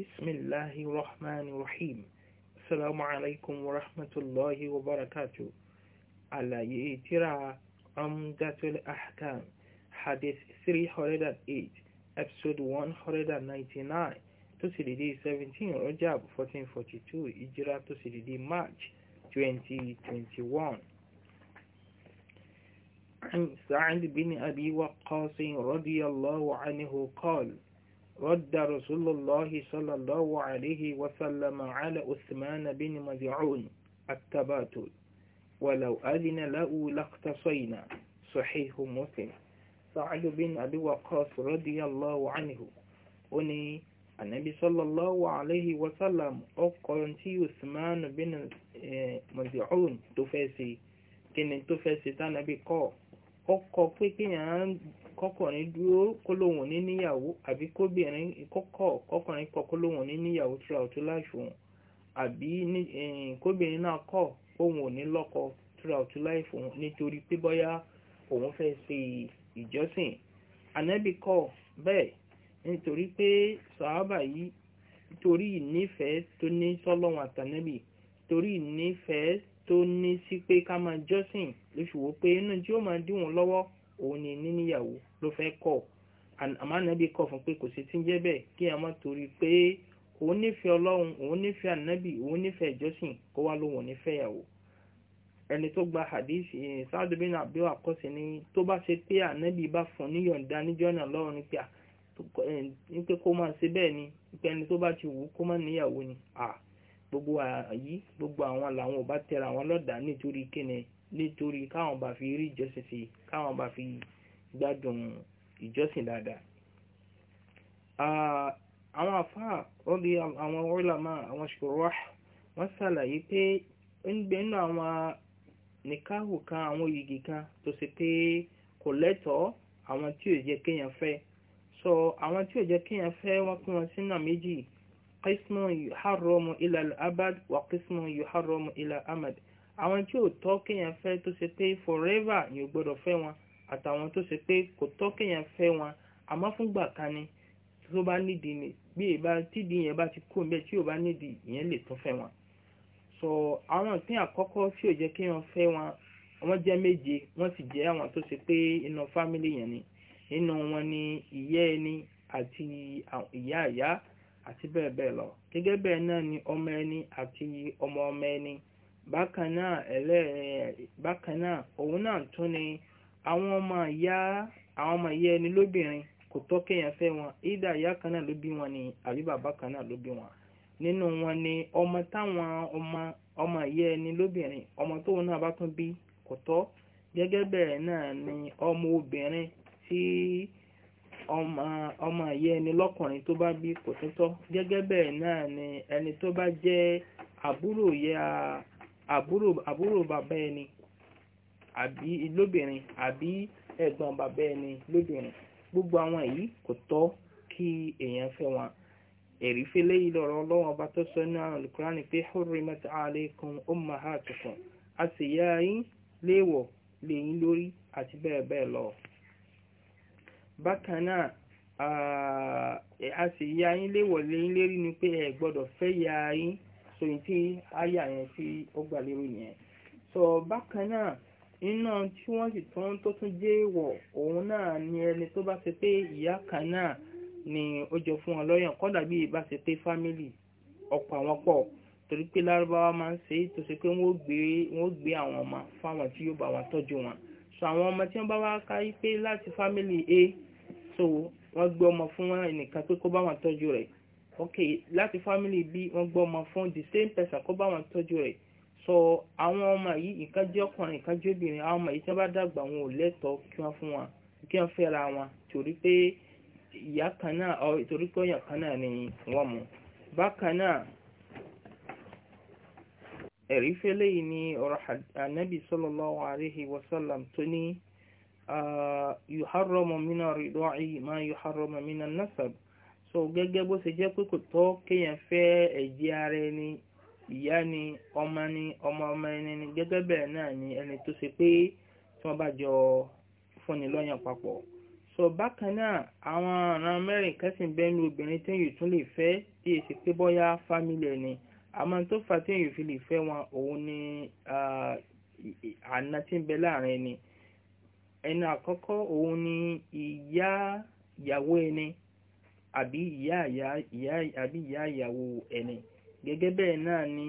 بسم الله الرحمن الرحيم السلام عليكم ورحمة الله وبركاته على يترى عمدة الأحكام حديث 308 episode 199 tó sì 17 Rajab 1442 إجراء tó sì March 2021 عن سعد بن أبي وقاص رضي الله عنه قال رد رسول الله صلى الله عليه وسلم على عثمان بن مزعون التباتل ولو أذن له لاقتصينا صحيح مسلم سعد بن أبي وقاص رضي الله عنه أني النبي صلى الله عليه وسلم أقرن أثمان بن مزعون تفاسي كن تفاسي تنبي قو أقرن kọ́kùnrin dúró kólóhùn ní níyàwó àbí kóbìnrin kọ́kọ́ kọ́kùnrin kọ́ kólóhùn ní níyàwó throughout life òun àbí eh, kóbìnrin náà kọ̀ òun ò ní lọ́kọ throughout life òun nítorí pé bóyá òun fẹ́ ṣe ìjọsìn ànábì kọ̀ bẹ́ẹ̀ nítorí pé sàhábà yìí torí ìnífẹ̀ẹ́ tó ní sọ́lọ́run àtànábì torí ìnífẹ̀ẹ́ tó ní sí pé ká máa jọ́sìn lóṣù pé inú tí ó máa dí lọ́wọ́ òun ni níníyàwó ló fẹ́ kọ̀ àmọ́ ànábì kọ̀ fún pé kò sí tí ń jẹ́ bẹ́ẹ̀ kí a má torí pé òun nífẹ̀ẹ́ ọlọ́run òun nífẹ̀ẹ́ ànábì òun nífẹ̀ẹ́ ìjọsìn kó wá lóhun nífẹ̀ẹ́yàwó ẹni tó gba hadith eh, sáàdù ni tó bá ṣe pé ànábì bá fún níyọ̀ǹda níjọ́ náà lọ́rùn eh, ní pé kó máa ṣe ni pé ẹni tó bá ti wù kó má níyàwó ni gbogbo àyí gbogbo àwọn làwọn ò bá tẹra àwọn lọ́dàá nítorí kíni nítorí káwọn bá fi rí ìjọsìn sí káwọn bá fi gbádùn ìjọsìn dáadáa àwọn àfáà ọdí àwọn ulama àwọn ṣùrọ̀ wọ́n sàlàyé pé ń gbé nínú àwọn nìkáhù kan àwọn òyìgì kan tó sì pé kò lẹ́tọ̀ọ́ àwọn tí ò jẹ́ kéèyàn fẹ́ so àwọn tí ò jẹ́ kéèyàn fẹ́ wọ́n pín wọn sínú méjì qismun yuharramu ila al-abad wa qismun yuharramu ila amad àwọn tí ò tọ́ kéèyàn fẹ́ tó ṣe pé forever yìí ò gbọ́dọ̀ fẹ́ wọn àtàwọn tó ṣe pé kò tọ́ kéèyàn fẹ́ wọn àmọ́ fúngbà kan ni tó bá nídìí ni bí ìbá tídì yẹn bá ti kú níbẹ̀ tí ò bá nídìí ìyẹn lè tún fẹ́ wọn. so àwọn ìpín àkọ́kọ́ tí ò jẹ́ kéèyàn fẹ́ wọn wọ́n jẹ́ méje wọ́n sì jẹ́ àwọn tó ṣe pé inú fámìlì yẹn ni inú wọn ni ìyá ẹni àti ìyá ìyá àti bẹ́ẹ̀ bẹ́ẹ̀ lọ gẹ́gẹ́ bẹ́ẹ̀ náà ni ọmọ ẹni àti ọmọ ọmọ ẹni bakana òun náà tún ni àwọn ọmọ ìyá àwọn ọmọ ìyá ẹni lóbìnrin kò tọ́ kéèyàn fẹ́ wọn ìdá ìyá kan náà ló bí wọn ni àbí bàbá wọn nínú wọn ni ọmọ táwọn ọmọ ìyá ẹni lóbìnrin ọmọ tóun náà bá tún bí kò tọ́ gẹ́gẹ́ bẹ́ẹ̀ náà ni ọmọ obìnrin àbúrò bàbá ẹni àbí lóbìnrin àbí ẹ̀gbọ́n bàbá ẹni lóbìnrin gbogbo àwọn èyí kò tọ́ kí èèyàn fẹ́ wọn ẹ̀rí fẹ́lẹ́ yìí lọ́rọ̀ ọlọ́wọ́n bá tó sọ ní àwọn olùkúránì pé hurrimat alaykum a sì yá yín léèwọ̀ lẹ́yìn lórí àti bẹ́ẹ̀ bẹ́ẹ̀ lọ a sì yá yín léèwọ̀ lérí ni pé ẹ gbọ́dọ̀ fẹ́ so yìí tí àyà yẹn tí ó gbà lérò yẹn so bákan náà iná tí wọ́n sì tún tó tún jẹ́ ìwọ̀ òun náà ni ẹni tó bá ṣe pé ìyá kan náà ni ó jọ fún wọn lọ́yàn kọ́dà bí ìbá ṣe pé fámìlì ọ̀pọ̀ àwọn pọ̀ torí pé lárúbáwá máa ń ṣe é tó ṣe pé wọ́n ó gbé àwọn ọmọ fáwọn tí yóò bá wọn tọ́jú wọn so àwọn ọmọ tí wọ́n bá wá kárí pé láti fámìlì A so wọ́n gbé ọmọ fún ẹnìkan pé kó bá wọn tọ́jú rẹ̀ Okay, láti family b wọ́n gbọ́ ọmọ fún the same person kó bá wọn tọ́jú rẹ̀ so àwọn ọmọ yìí ìkan jẹ́ ọkùnrin ìkan jẹ́ obìnrin àwọn ọmọ yìí tí wọ́n bá dàgbà wọn ò lẹ́tọ̀ọ́ kí wọ́n fún wọn kí wọ́n fẹ́ra wọn torí pé ìyá kan náà ọ torí pé ọ̀yàn kan náà ni wọ́n mú bákan náà ẹ̀rí fẹ́lẹ́ yìí ni ọ̀rọ̀ ànábì sallallahu alaihi wasallam tó ní ah, yuharramu mina rida'i ma yuharramu mina nasab so gẹ́gẹ́ bó ṣe jẹ́ pé kò tọ́ kéèyàn fẹ́ ẹ̀jẹ̀ ara ẹni ìyá ni ọmọ ni ọmọ ọmọ ẹni ni gẹ́gẹ́ bẹ́ẹ̀ náà ni ẹni tó ṣe pé tí wọ́n bá jọ fúnni lọ́yàn papọ̀ so bákan náà àwọn ọ̀ràn mẹ́rin kẹ́sìn bẹ́ẹ̀nu obìnrin tí èyí tún lè fẹ́ bí èsì pé bọ́yá fámìlì ẹni àmọ́ tó fà tí èyí fi lè fẹ́ wọn òun ni àna tí ń bẹ láàrin ẹni ẹni àkọ́kọ́ òun ni ìyá ìyàwó ẹni àbí ìyá ìyàwó ẹni gẹ́gẹ́ bẹ́ẹ̀ náà ni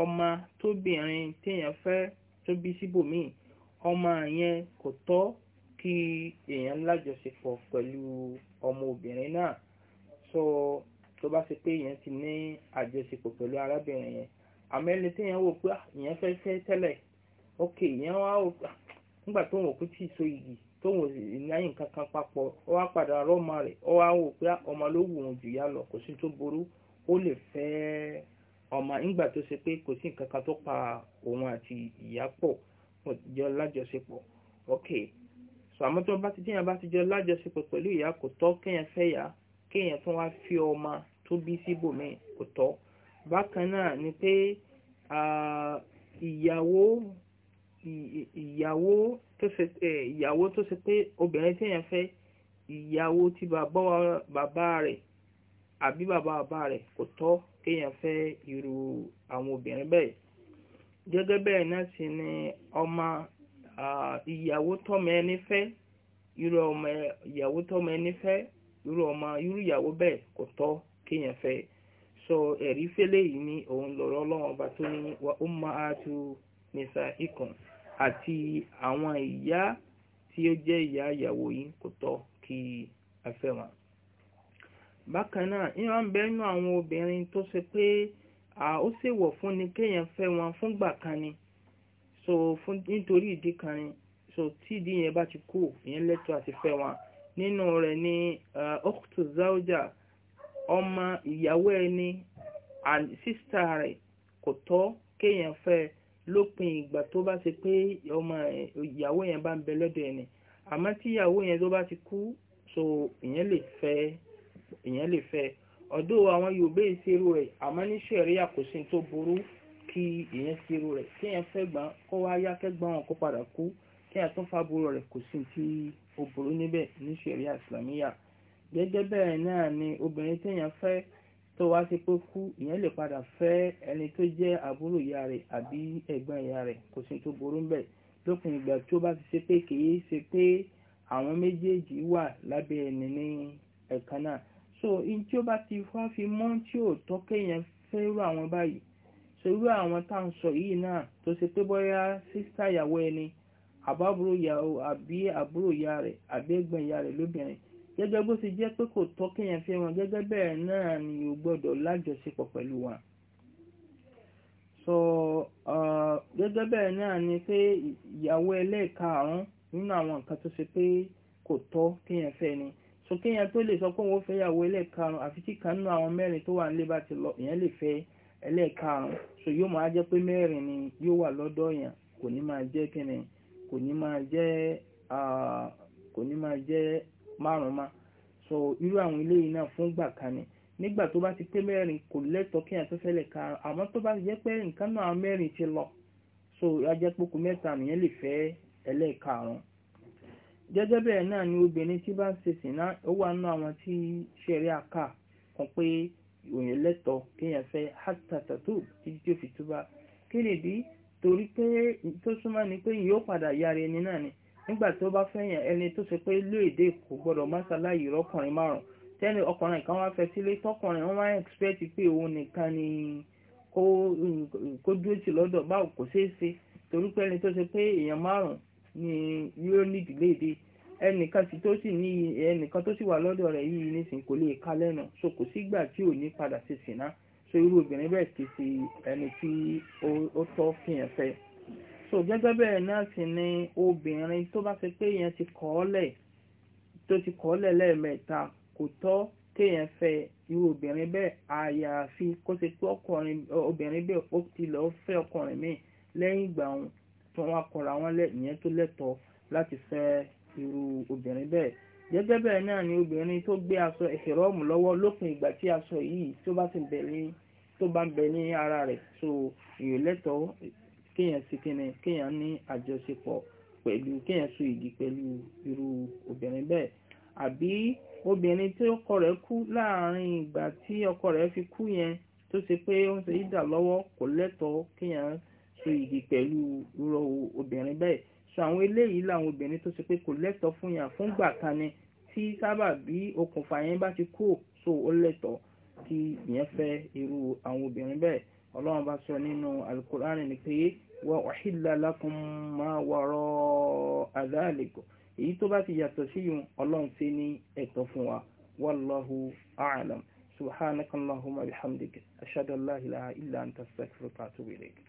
ọmọ tóbìnrin téèyàn fẹ́ tó bí síbòmíì ọmọ yẹn kò tọ́ kí èèyàn lájọṣepọ̀ pẹ̀lú ọmọ obìnrin náà so tó bá ṣe pé èèyàn ti ní àjọṣepọ̀ pẹ̀lú arábìnrin yẹn àmọ́ ẹni téèyàn wò pé èèyàn ah, fẹ́ fẹ́ tẹ́lẹ̀ ok èèyàn wá ah, nígbà tó wọn kú tí ì so igi tóun ò sì náyìn kankan papọ̀ ó wá padà rọ́ọ̀mà rẹ̀ ó wá wò pé ọmọ ló wù wọn jù yá lọ kò sí tó burú ó lè fẹ́ ọmọ ìgbà tó ṣe pé kò sí nǹkan kan tó pa òun àti ìyá pọ̀ jọ lájọṣepọ̀ ok so àmọ́ tó bá ti díyàn bá ti jọ lájọṣepọ̀ pẹ̀lú ìyá kò tọ́ kéèyàn fẹ́ yá kéèyàn tún wá fi ọmọ tó bí síbòmí kò tọ́ bákan náà ni pé ah, ìyàwó tó ṣe ìyàwó tó ṣe pé obìnrin tí èèyàn fẹ́ ìyàwó tí bàbá rẹ̀ àbí bàbá bàbá rẹ̀ kò tọ́ kéèyàn fẹ́ irú àwọn obìnrin bẹ́ẹ̀ gẹ́gẹ́ bẹ́ẹ̀ náà sì ni ọmọ ìyàwó tọ́mọ ẹni fẹ́ irú ọmọ ìyàwó tọ́mọ ẹni fẹ́ irú ọmọ irú ìyàwó bẹ́ẹ̀ kò tọ́ kéèyàn fẹ́ sọ ẹ̀rí fẹ́lẹ́ yìí ni òun lọ̀rọ̀ ọlọ́run ọba tó ní wa ummahatu nisaikum àti àwọn ìyá tí ó jẹ́ ìyá ìyàwó yín kò tọ́ kí a fẹ́ wọn. bákan náà ìran ń bẹ́nu àwọn obìnrin tó ṣe pé ó ṣèwọ̀ fún ni kéèyàn fẹ́ wọn fúngbà kan ni so nítorí ìdí kan ni so tí ìdí yẹn bá ti kú ìyẹn lẹ́tọ̀ọ́ àti fẹ́ wọn nínú rẹ̀ ni ọkùtù záújà ọmọ ìyàwó ẹni sísítà rẹ̀ kò tọ́ kéèyàn fẹ́ ẹ lópin ìgbà tó bá ṣe pé ọmọ ìyàwó yẹn bá ń bẹ lọ́dọ̀ ẹni àmọ́ tí ìyàwó yẹn tó bá ti kú so ìyẹn lè fẹ́ ìyẹn lè fẹ́ ọ̀dọ́ àwọn Yorùbá ìṣerú rẹ̀ àmọ́ ní sẹ̀ríà kò sí tó burú kí ìyẹn ṣerú rẹ̀ kí yẹn fẹ́ gbọ́n kó wá yá kẹ́gbọ́n wọn kó padà kú kí yẹn tún fàbúrò rẹ̀ kò sí tí ó burú níbẹ̀ ní sẹ̀ríà Islamiyà gẹ́gẹ́ bẹ́ẹ̀ náà ni obìnrin téèyàn fẹ́ tó wá sí pé kú ìyẹn lè padà fẹ́ ẹni tó jẹ́ àbúrò ìyá rẹ̀ àbí ẹ̀gbọ́n ìyá rẹ̀ kò sí tó burú ń bẹ̀ lópin ìgbà tó bá ti ṣe pé kìí ṣe pé àwọn méjèèjì wà lábẹ́ ẹni ní ẹ̀kan náà so in tí ó bá ti wá fi mọ́ tí ò tọ́ kéèyàn fẹ́ irú àwọn báyìí so irú àwọn tá à ń sọ yìí náà tó ṣe pé bóyá sísá ìyàwó ẹni àbábúrò ìyàwó àbí àbúrò ìyá rẹ̀ àbí ẹ̀gbọ́n ìyá rẹ̀ lóbìnrin gẹ́gẹ́ bó ṣe jẹ́ pé kò tọ́ kéèyàn fẹ́ wọn gẹ́gẹ́ bẹ́ẹ̀ náà ni o gbọ́dọ̀ lájọṣepọ̀ pẹ̀lú wọn so gẹ́gẹ́ bẹ́ẹ̀ náà ni pé ìyàwó ẹlẹ́ẹ̀karùn-ún nínú àwọn nǹkan tó ṣe pé kò tọ́ kéèyàn fẹ́ ni so kéèyàn tó lè sọ pé òun fẹ́ ìyàwó ẹlẹ́ẹ̀karùn-ún àfi tí kan nínú àwọn mẹ́rin tó wà nílé bá ti lọ èèyàn lè fẹ́ ẹlẹ́ẹ̀karùn so yóò máa jẹ́ pé mẹ́rin ni yóò wà lọ́dọ̀ èèyàn kò ní máa jẹ́ kíni kò ní máa jẹ́ márùn so irú àwọn ilé yìí náà fún gbà kan ni ti pé mẹ́rin kò lẹ́tọ̀ọ́ kí èèyàn tó karùn àmọ́ tó bá ti jẹ́ pé nǹkan náà mẹ́rin lọ so ajẹ́pọ̀kù mẹ́ta nìyẹn lè fẹ́ ẹlẹ́ẹ̀karùn-ún gẹ́gẹ́ bẹ́ẹ̀ náà ni obìnrin tí bá ń ṣe sìná ó wà ti àwọn tí ṣẹ̀rí àká kan pé òyìn lẹ́tọ̀ọ́ kéèyàn fẹ́ hátàtàtò títí tí fi túbá kí ni nígbà tí ó bá fẹ́yàn ẹni tó ṣe pé ìlú èdè kò gbọ́dọ̀ má ṣaláyìí rọ́kùnrin márùn tẹ́ni ọkùnrin kan wá fẹ́ sílé tọkùnrin wọn wá expect pé òun nìkan ni kó dúró tì lọ́dọ̀ báwo kò ṣeé ṣe torí pé ẹni tó ṣe pé èèyàn márùn ni yóò ní ìdílé èdè ẹnìkan sì tó sì ní ẹnìkan tó sì wà lọ́dọ̀ rẹ̀ yìí nísìn kò lè ka lẹ́nu so kò sígbà tí ò ní padà ṣe sìnà so irú obìnrin bẹ́ẹ̀ kì í ẹni tí ó tọ́ fìyàn fẹ́ so gẹ́gẹ́ bẹ́ẹ̀ náà sì ni obìnrin tó bá ṣe pé èèyàn ti kọ̀ ọ́ lẹ̀ tó ti kọ̀ ọ́ lẹ̀ lẹ́ẹ̀mẹ́ta kò tọ́ kéèyàn fẹ́ irú obìnrin bẹ́ẹ̀ àyàfi kó ṣe pé ọkùnrin obìnrin bẹ́ẹ̀ ó ti lọ́ọ́ fẹ́ ọkùnrin míì lẹ́yìn ìgbà wọn tí wọ́n kọ̀ra wọn lẹ̀ ìyẹn tó lẹ́tọ̀ọ́ láti fẹ́ irú obìnrin bẹ́ẹ̀ gẹ́gẹ́ bẹ́ẹ̀ náà ni obìnrin tó gbé aṣọ ìṣèrọ́ọ̀mù lọ́wọ́ lópin ìgbà tí aṣọ yìí tó bá ti bẹ̀ ní tó bá ń bẹ ní ara rẹ̀ so èèyàn lẹ́tọ̀ọ́ kéèyàn sí kíni kéèyàn ní àjọṣepọ̀ pẹ̀lú kéèyàn so ìdí pẹ̀lú irú obìnrin bẹ́ẹ̀ àbí obìnrin tí ọkọ rẹ̀ kú láàrin ìgbà tí ọkọ rẹ̀ fi kú yẹn tó ṣe pé ó ń ṣe ìdà lọ́wọ́ kò lẹ́tọ̀ọ́ kéèyàn so ìdí pẹ̀lú irú obìnrin bẹ́ẹ̀ so àwọn eléyìí làwọn obìnrin tó ṣe pé kò lẹ́tọ̀ọ́ fún yàn fúngbà kan ni tí sábà bí okùnfà yẹn bá ti kú ó lẹ́tọ̀ọ́ kí ìyẹn fẹ́ irú àwọn obìnrin bẹ́ẹ̀ ọlọ́run bá sọ nínú alukur'an ni pé wa uhilla lakum ma wara adhalik èyí tó bá ti yàtọ̀ sí yìí ọlọ́run ṣe ní ẹ̀tọ́ fún wa wallahu a'lam subhanakallahumma wa atubu